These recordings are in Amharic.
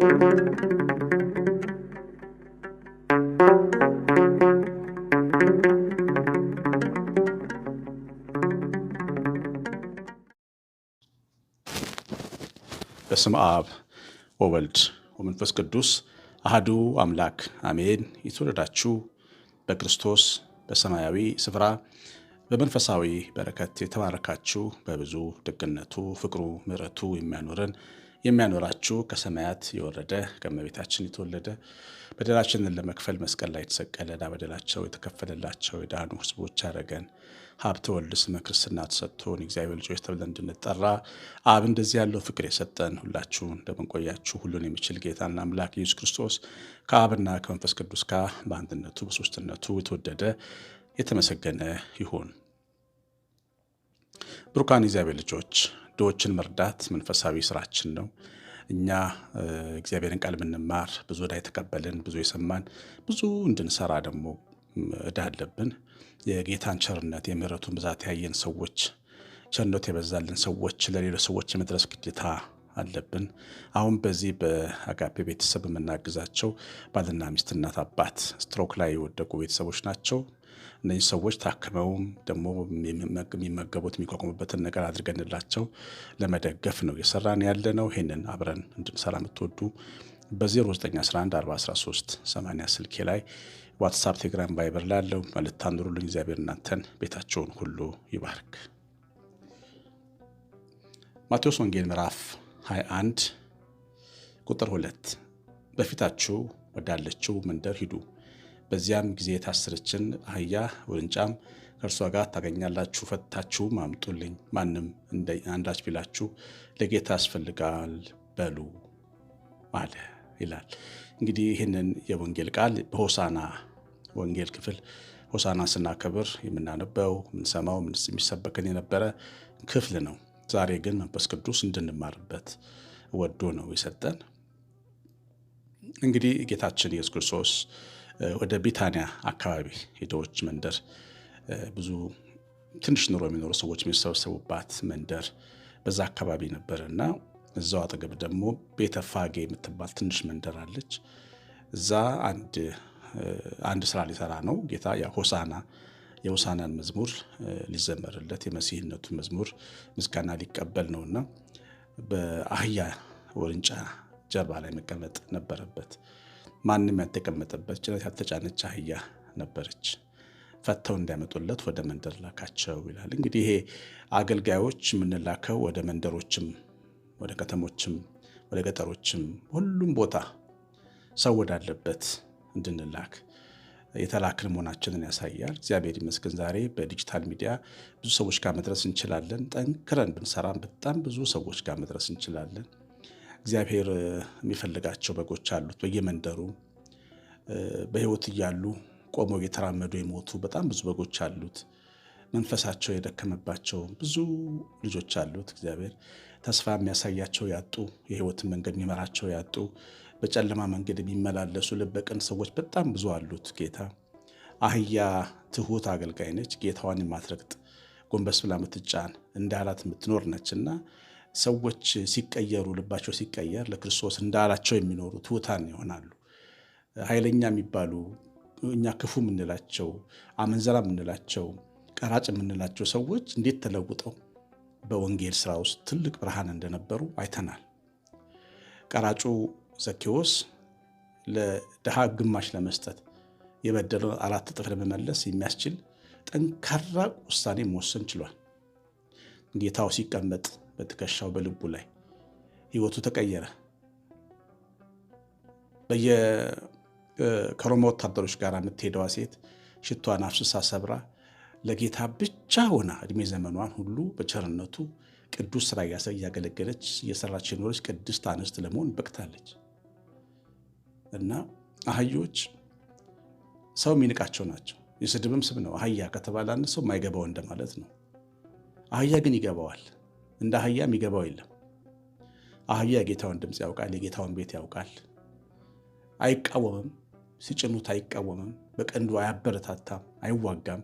በስም አብ ወወልድ ወመንፈስ ቅዱስ አህዱ አምላክ አሜን። የተወለዳችሁ በክርስቶስ በሰማያዊ ስፍራ በመንፈሳዊ በረከት የተባረካችሁ በብዙ ደግነቱ፣ ፍቅሩ፣ ምሕረቱ የሚያኖረን የሚያኖራችሁ ከሰማያት የወረደ ከእመቤታችን የተወለደ በደላችንን ለመክፈል መስቀል ላይ የተሰቀለ በደላቸው የተከፈለላቸው የዳኑ ሕዝቦች አረገን። ሀብተ ወልድ ስመ ክርስትና ተሰጥቶን እግዚአብሔር ልጆች ተብለን እንድንጠራ አብ እንደዚህ ያለው ፍቅር የሰጠን ሁላችሁን እንደምንቆያችሁ ሁሉን የሚችል ጌታና አምላክ ኢየሱስ ክርስቶስ ከአብና ከመንፈስ ቅዱስ ጋር በአንድነቱ በሶስትነቱ የተወደደ የተመሰገነ ይሁን። ብሩካን እግዚአብሔር ልጆች ድሆችን መርዳት መንፈሳዊ ስራችን ነው። እኛ እግዚአብሔርን ቃል ምንማር ብዙ ዕዳ የተቀበልን ብዙ የሰማን ብዙ እንድንሰራ ደግሞ ዕዳ አለብን። የጌታን ቸርነት የምሕረቱን ብዛት ያየን ሰዎች ቸርነት የበዛልን ሰዎች ለሌሎች ሰዎች የመድረስ ግዴታ አለብን። አሁን በዚህ በአጋፔ ቤተሰብ የምናግዛቸው ባልና ሚስት፣ እናት፣ አባት ስትሮክ ላይ የወደቁ ቤተሰቦች ናቸው። እነዚህ ሰዎች ታክመውም ደግሞ የሚመገቡት የሚቋቋሙበትን ነገር አድርገንላቸው ለመደገፍ ነው እየሰራን ያለ ነው። ይህንን አብረን እንድንሰራ የምትወዱ በ0911411380 ስልኬ ላይ ዋትሳፕ፣ ቴሌግራም፣ ቫይበር ያለው መልእክት አኑሩልኝ። እግዚአብሔር እናንተን ቤታቸውን ሁሉ ይባርክ። ማቴዎስ ወንጌል ምዕራፍ 21 ቁጥር 2 በፊታችሁ ወዳለችው መንደር ሂዱ፣ በዚያም ጊዜ የታሰረችን አህያ ውርንጫም ከእርሷ ጋር ታገኛላችሁ፣ ፈታችሁም አምጡልኝ። ማንም አንዳች ቢላችሁ ለጌታ ያስፈልጋል በሉ አለ ይላል። እንግዲህ ይህንን የወንጌል ቃል በሆሳና ወንጌል ክፍል ሆሳና ስናከብር የምናነበው የምንሰማው የሚሰበክን የነበረ ክፍል ነው። ዛሬ ግን መንፈስ ቅዱስ እንድንማርበት ወዶ ነው የሰጠን። እንግዲህ ጌታችን ኢየሱስ ክርስቶስ ወደ ቢታንያ አካባቢ ሄደዎች መንደር ብዙ ትንሽ ኑሮ የሚኖሩ ሰዎች የሚሰበሰቡባት መንደር በዛ አካባቢ ነበር እና እዛው አጠገብ ደግሞ ቤተፋጌ የምትባል ትንሽ መንደር አለች። እዛ አንድ ስራ ሊሰራ ነው ጌታ ሆሳና የውሳናን መዝሙር ሊዘመርለት የመሲህነቱን መዝሙር ምስጋና ሊቀበል ነውና በአህያ ውርንጫ ጀርባ ላይ መቀመጥ ነበረበት። ማንም ያልተቀመጠበት ጭነት ያልተጫነች አህያ ነበረች። ፈተው እንዲያመጡለት ወደ መንደር ላካቸው ይላል። እንግዲህ ይሄ አገልጋዮች የምንላከው ወደ መንደሮችም፣ ወደ ከተሞችም፣ ወደ ገጠሮችም ሁሉም ቦታ ሰው ወዳለበት እንድንላክ የተላክን መሆናችንን ያሳያል። እግዚአብሔር ይመስገን ዛሬ በዲጂታል ሚዲያ ብዙ ሰዎች ጋር መድረስ እንችላለን። ጠንክረን ብንሰራም በጣም ብዙ ሰዎች ጋር መድረስ እንችላለን። እግዚአብሔር የሚፈልጋቸው በጎች አሉት። በየመንደሩ በህይወት እያሉ ቆመው እየተራመዱ የሞቱ በጣም ብዙ በጎች አሉት። መንፈሳቸው የደከመባቸው ብዙ ልጆች አሉት። እግዚአብሔር ተስፋ የሚያሳያቸው ያጡ፣ የህይወትን መንገድ የሚመራቸው ያጡ በጨለማ መንገድ የሚመላለሱ ልበቀን ሰዎች በጣም ብዙ አሉት ጌታ። አህያ ትሁት አገልጋይ ነች፣ ጌታዋን የማትረግጥ ጎንበስ ብላ ምትጫን እንዳላት የምትኖር ነች እና ሰዎች ሲቀየሩ ልባቸው ሲቀየር ለክርስቶስ እንዳላቸው የሚኖሩ ትሑታን ይሆናሉ። ኃይለኛ የሚባሉ እኛ ክፉ የምንላቸው አመንዘራ የምንላቸው ቀራጭ የምንላቸው ሰዎች እንዴት ተለውጠው በወንጌል ስራ ውስጥ ትልቅ ብርሃን እንደነበሩ አይተናል። ቀራጩ ዘኪዎስ ለድሃ ግማሽ ለመስጠት የበደለውን አራት እጥፍ ለመመለስ የሚያስችል ጠንካራ ውሳኔ መወሰን ችሏል። ጌታው ሲቀመጥ በትከሻው በልቡ ላይ ህይወቱ ተቀየረ። ከሮማ ወታደሮች ጋር የምትሄደዋ ሴት ሽቷን አፍስሳ ሰብራ ለጌታ ብቻ ሆና እድሜ ዘመኗን ሁሉ በቸርነቱ ቅዱስ ስራ እያገለገለች እየሰራች የኖረች ቅድስት አንስት ለመሆን በቅታለች። እና አህዮች ሰው የሚንቃቸው ናቸው። የስድብም ስም ነው። አህያ ከተባለ አንድ ሰው የማይገባው እንደማለት ነው። አህያ ግን ይገባዋል። እንደ አህያ የሚገባው የለም። አህያ የጌታውን ድምፅ ያውቃል፣ የጌታውን ቤት ያውቃል። አይቃወምም፣ ሲጭኑት አይቃወምም፣ በቀንዱ አያበረታታም፣ አይዋጋም፣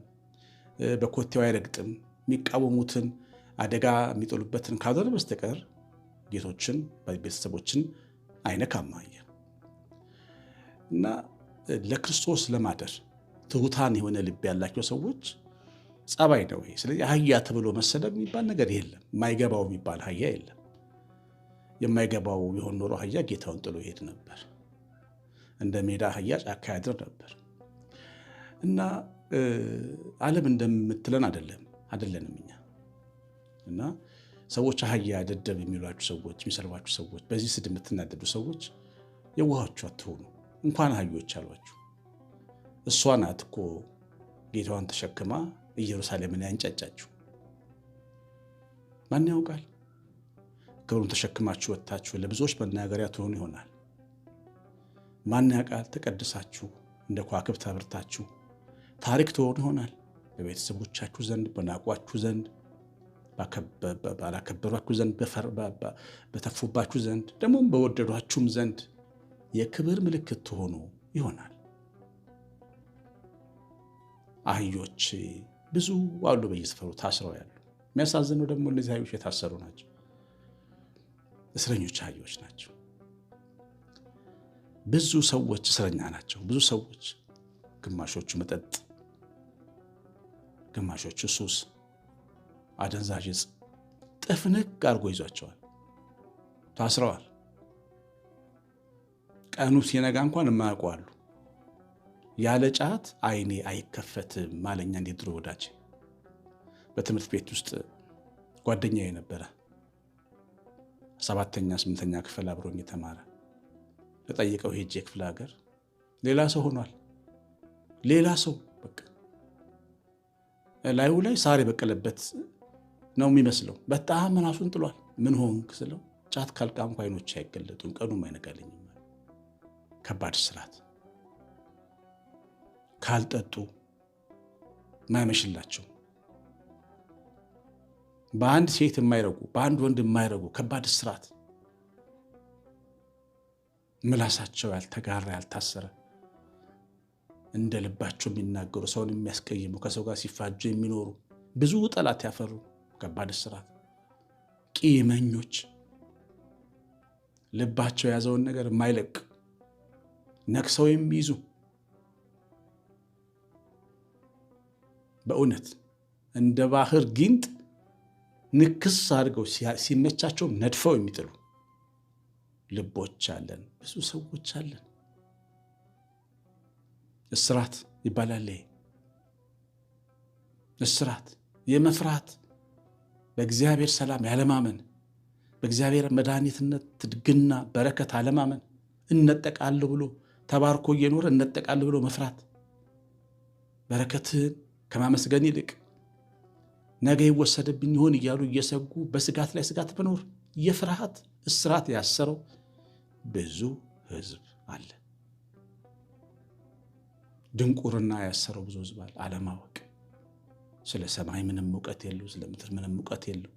በኮቴው አይረግጥም። የሚቃወሙትን አደጋ የሚጥሉበትን ካልሆነ በስተቀር ጌቶችን ቤተሰቦችን አይነካም አህያ እና ለክርስቶስ ለማደር ትሑታን የሆነ ልብ ያላቸው ሰዎች ጸባይ ነው ይሄ። ስለዚህ አህያ ተብሎ መሰደብ የሚባል ነገር የለም። የማይገባው የሚባል አህያ የለም። የማይገባው የሆን ኖሮ አህያ ጌታውን ጥሎ ይሄድ ነበር፣ እንደ ሜዳ አህያ ጫካ ያድር ነበር። እና ዓለም እንደምትለን አደለም አደለንም እኛ እና ሰዎች አህያ ደደብ የሚሏችሁ ሰዎች፣ የሚሰርባችሁ ሰዎች፣ በዚህ ስድ የምትናደዱ ሰዎች የዋሃችሁ አትሆኑ። እንኳን አህዮች አሏችሁ። እሷ ናት እኮ ጌታዋን ተሸክማ ኢየሩሳሌምን ያንጫጫችሁ። ማን ያውቃል? ክብሩን ተሸክማችሁ ወጥታችሁ ለብዙዎች መናገሪያ ትሆኑ ይሆናል። ማን ያውቃል? ተቀድሳችሁ እንደ ከዋክብት አብርታችሁ ታሪክ ትሆኑ ይሆናል። በቤተሰቦቻችሁ ዘንድ፣ በናቋችሁ ዘንድ፣ ባላከበሯችሁ ዘንድ፣ በተፉባችሁ ዘንድ፣ ደግሞ በወደዷችሁም ዘንድ የክብር ምልክት ትሆኑ ይሆናል። አህዮች ብዙ አሉ፣ በየስፈሩ ታስረው ያሉ። የሚያሳዝነው ደግሞ እነዚህ አህዮች የታሰሩ ናቸው፣ እስረኞች አህዮች ናቸው። ብዙ ሰዎች እስረኛ ናቸው። ብዙ ሰዎች ግማሾቹ መጠጥ፣ ግማሾቹ ሱስ፣ አደንዛዥ ጥፍንቅ አድርጎ ይዟቸዋል። ታስረዋል። ቀኑ ሲነጋ እንኳን የማያውቋሉ። ያለ ጫት አይኔ አይከፈትም ማለኛ እንዴት ድሮ ወዳጅ። በትምህርት ቤት ውስጥ ጓደኛ የነበረ ሰባተኛ ስምንተኛ ክፍል አብሮኝ የተማረ ተጠይቀው ሄጄ ክፍለ ሀገር ሌላ ሰው ሆኗል። ሌላ ሰው በቃ ላዩ ላይ ሳር የበቀለበት ነው የሚመስለው። በጣም ራሱን ጥሏል። ምን ሆንክ ስለው ጫት ካልቃምኩ አይኖቼ አይገለጡም፣ ቀኑም አይነጋልኝም ከባድ ስራት ካልጠጡ ማያመሽላቸው በአንድ ሴት የማይረጉ በአንድ ወንድ የማይረጉ ከባድ ስርዓት ምላሳቸው ያልተጋራ ያልታሰረ እንደ ልባቸው የሚናገሩ ሰውን የሚያስቀይሙ ከሰው ጋር ሲፋጁ የሚኖሩ ብዙ ጠላት ያፈሩ ከባድ እስራት ቂመኞች ልባቸው የያዘውን ነገር የማይለቅ ነክሰው የሚይዙ በእውነት እንደ ባህር ጊንጥ ንክስ አድርገው ሲመቻቸው ነድፈው የሚጥሉ ልቦች አለን፣ ብዙ ሰዎች አለን። እስራት ይባላል። እስራት የመፍራት በእግዚአብሔር ሰላም ያለማመን፣ በእግዚአብሔር መድኃኒትነት ትድግና በረከት አለማመን እነጠቃለሁ ብሎ ተባርኮ እየኖረ እነጠቃል ብሎ መፍራት በረከትህን ከማመስገን ይልቅ ነገ ይወሰድብኝ ይሆን እያሉ እየሰጉ በስጋት ላይ ስጋት መኖር የፍርሃት እስራት ያሰረው ብዙ ህዝብ አለ። ድንቁርና ያሰረው ብዙ ህዝብ አለ። አለማወቅ፣ ስለ ሰማይ ምንም እውቀት የለው፣ ስለ ምድር ምንም እውቀት የለው፣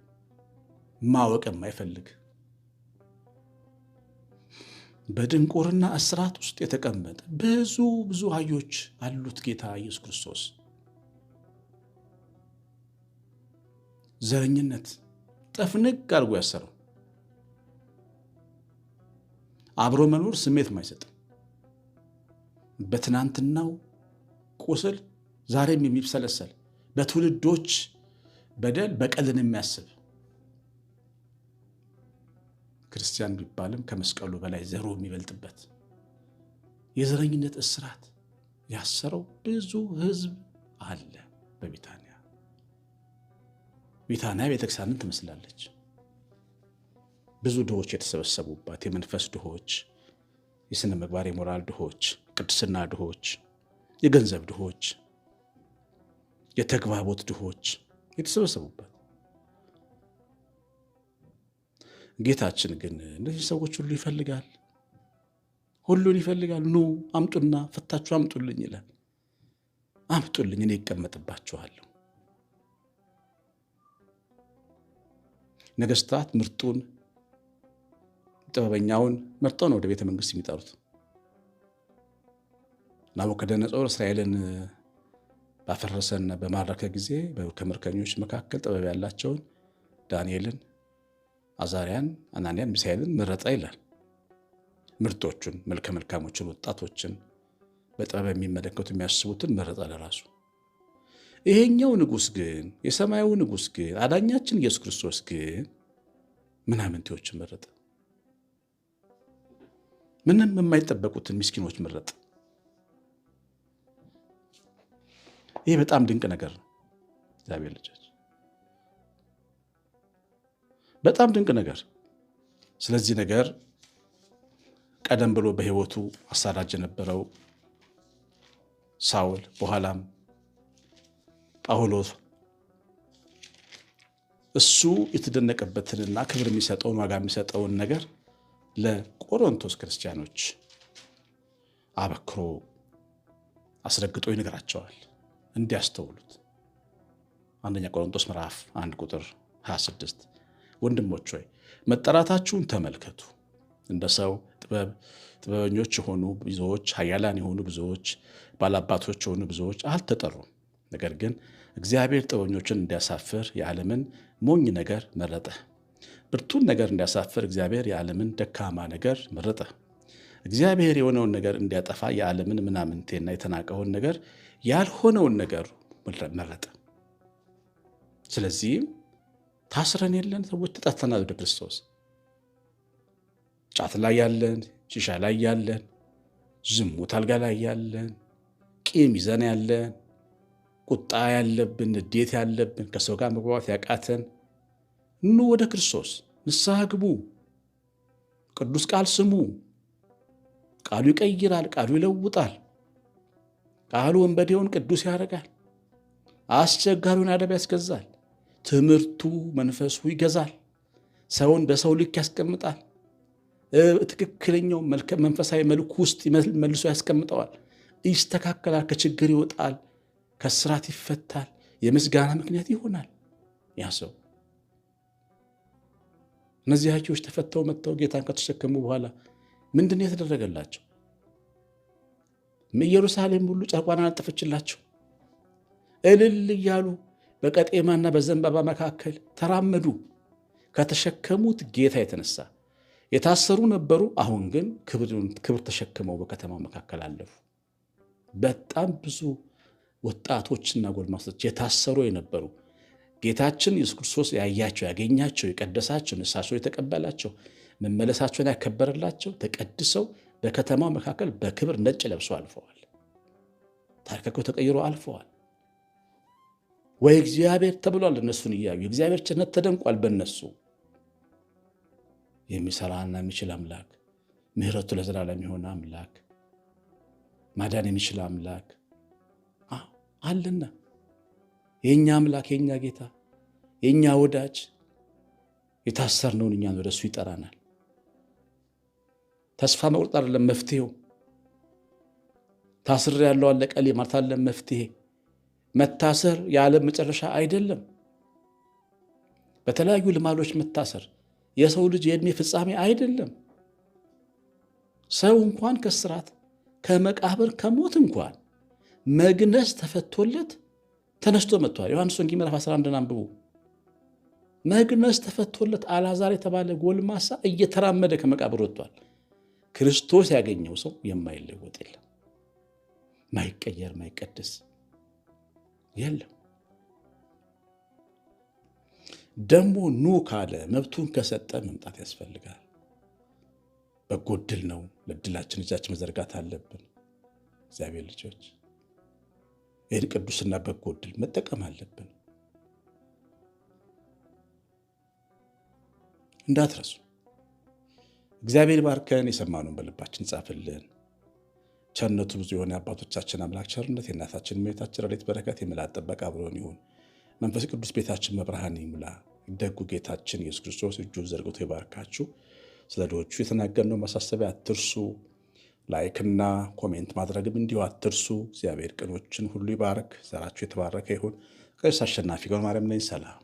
ማወቅ የማይፈልግ በድንቁርና እስራት ውስጥ የተቀመጠ ብዙ ብዙ አህዮች አሉት ጌታ ኢየሱስ ክርስቶስ። ዘረኝነት ጠፍንግ አድርጎ ያሰረው አብሮ መኖር ስሜት ማይሰጥ በትናንትናው ቁስል ዛሬም የሚብሰለሰል በትውልዶች በደል በቀልን የሚያስብ ክርስቲያን ቢባልም ከመስቀሉ በላይ ዘሩ የሚበልጥበት የዘረኝነት እስራት ያሰረው ብዙ ህዝብ አለ በቢታንያ። ቢታንያ ቤተክርስቲያንን ትመስላለች። ብዙ ድሆች የተሰበሰቡባት የመንፈስ ድሆች፣ የሥነ ምግባር የሞራል ድሆች፣ ቅድስና ድሆች፣ የገንዘብ ድሆች፣ የተግባቦት ድሆች የተሰበሰቡባት ጌታችን ግን እነዚህ ሰዎች ሁሉ ይፈልጋል፣ ሁሉን ይፈልጋል። ኑ አምጡና ፈታችሁ አምጡልኝ ይላል። አምጡልኝ እኔ ይቀመጥባችኋለሁ። ነገስታት ምርጡን ጥበበኛውን መርጠው ነው ወደ ቤተ መንግስት የሚጠሩት። ናቡከደነጾር እስራኤልን ባፈረሰና በማረከ ጊዜ ከምርከኞች መካከል ጥበብ ያላቸውን ዳንኤልን አዛሪያን አናንያን ሚሳኤልን መረጠ ይላል። ምርጦቹን መልከ መልካሞችን ወጣቶችን በጥበብ የሚመለከቱ የሚያስቡትን መረጠ ለራሱ። ይሄኛው ንጉስ ግን የሰማዩ ንጉስ ግን አዳኛችን ኢየሱስ ክርስቶስ ግን ምናምንቴዎችን መረጠ። ምንም የማይጠበቁትን ምስኪኖች መረጠ። ይህ በጣም ድንቅ ነገር ነው እግዚአብሔር ልጆች በጣም ድንቅ ነገር። ስለዚህ ነገር ቀደም ብሎ በህይወቱ አሳዳጅ የነበረው ሳውል በኋላም ጳውሎስ እሱ የተደነቀበትንና ክብር የሚሰጠውን ዋጋ የሚሰጠውን ነገር ለቆሮንቶስ ክርስቲያኖች አበክሮ አስረግጦ ይነግራቸዋል እንዲያስተውሉት። አንደኛ ቆሮንቶስ ምዕራፍ 1 ቁጥር 26 ወንድሞች ሆይ መጠራታችሁን ተመልከቱ። እንደ ሰው ጥበብ ጥበበኞች የሆኑ ብዙዎች፣ ኃያላን የሆኑ ብዙዎች፣ ባላባቶች የሆኑ ብዙዎች አልተጠሩም። ነገር ግን እግዚአብሔር ጥበበኞችን እንዲያሳፍር የዓለምን ሞኝ ነገር መረጠ። ብርቱን ነገር እንዲያሳፍር እግዚአብሔር የዓለምን ደካማ ነገር መረጠ። እግዚአብሔር የሆነውን ነገር እንዲያጠፋ የዓለምን ምናምንቴና የተናቀውን ነገር ያልሆነውን ነገር መረጠ። ስለዚህም ታስረን የለን ሰዎች ተጠርተናል ወደ ክርስቶስ። ጫት ላይ ያለን፣ ሽሻ ላይ ያለን፣ ዝሙት አልጋ ላይ ያለን፣ ቂም ይዘን ያለን፣ ቁጣ ያለብን፣ ንዴት ያለብን፣ ከሰው ጋር መግባባት ያቃተን፣ ኑ ወደ ክርስቶስ ንስሐ ግቡ፣ ቅዱስ ቃል ስሙ። ቃሉ ይቀይራል፣ ቃሉ ይለውጣል። ቃሉ ወንበዴውን ቅዱስ ያደርጋል፣ አስቸጋሪውን አደብ ያስገዛል። ትምህርቱ መንፈሱ ይገዛል። ሰውን በሰው ልክ ያስቀምጣል። ትክክለኛው መንፈሳዊ መልኩ ውስጥ መልሶ ያስቀምጠዋል። ይስተካከላል፣ ከችግር ይወጣል፣ ከስራት ይፈታል፣ የምስጋና ምክንያት ይሆናል። ያ ሰው እነዚህ አህዮች ተፈተው መጥተው ጌታን ከተሸከሙ በኋላ ምንድን የተደረገላቸው? ኢየሩሳሌም ሁሉ ጨርቋን አነጠፈችላቸው። እልል እያሉ በቀጤማና በዘንባባ መካከል ተራመዱ። ከተሸከሙት ጌታ የተነሳ የታሰሩ ነበሩ። አሁን ግን ክብር ተሸክመው በከተማው መካከል አለፉ። በጣም ብዙ ወጣቶችና ጎልማሶች የታሰሩ የነበሩ ጌታችን ኢየሱስ ክርስቶስ ያያቸው፣ ያገኛቸው፣ የቀደሳቸው፣ ንሳቸው የተቀበላቸው፣ መመለሳቸውን ያከበረላቸው ተቀድሰው በከተማው መካከል በክብር ነጭ ለብሰው አልፈዋል። ታሪካቸው ተቀይሮ አልፈዋል። ወይ እግዚአብሔር ተብሏል። እነሱን እያዩ የእግዚአብሔር ቸርነት ተደንቋል በነሱ የሚሰራና የሚችል አምላክ ምሕረቱ ለዘላለም የሆነ አምላክ ማዳን የሚችል አምላክ አለና የእኛ አምላክ የእኛ ጌታ የእኛ ወዳጅ የታሰርነውን እኛን ወደ እሱ ይጠራናል። ተስፋ መቁረጥ አይደለም መፍትሄው። ታስሬ ያለው አለቀሌ ማለት አይደለም መፍትሄ መታሰር የዓለም መጨረሻ አይደለም። በተለያዩ ልማዶች መታሰር የሰው ልጅ የእድሜ ፍጻሜ አይደለም። ሰው እንኳን ከስራት ከመቃብር ከሞት እንኳን መግነዝ ተፈቶለት ተነስቶ መጥቷል። ዮሐንስ ወንጌል ምዕራፍ 11 አንብቡ። መግነዝ ተፈቶለት አላዛር የተባለ ጎልማሳ እየተራመደ ከመቃብር ወጥቷል። ክርስቶስ ያገኘው ሰው የማይለወጥ የለም። ማይቀየር ማይቀደስ የለም። ደግሞ ኑ ካለ መብቱን ከሰጠ መምጣት ያስፈልጋል። በጎ እድል ነው። ለእድላችን እጃችን መዘርጋት አለብን። እግዚአብሔር ልጆች ይህን ቅዱስና በጎ እድል መጠቀም አለብን። እንዳትረሱ። እግዚአብሔር ባርከን የሰማነውን በልባችን ጻፍልን። ቸርነቱ ብዙ የሆነ አባቶቻችን አምላክ ቸርነት የእናታችን እመቤታችን ረድኤት በረከት የመላእክት ጥበቃ አብሮን ይሁን። መንፈስ ቅዱስ ቤታችን መብርሃን ይሙላ። ደጉ ጌታችን ኢየሱስ ክርስቶስ እጁ ዘርግቶ ይባርካችሁ። ስለ ድሆቹ የተናገርነው ማሳሰቢያ አትርሱ። ላይክና ኮሜንት ማድረግም እንዲሁ አትርሱ። እግዚአብሔር ቅኖችን ሁሉ ይባርክ። ዘራችሁ የተባረከ ይሁን። ቀሲስ አሸናፊ ማርያም ነኝ። ሰላም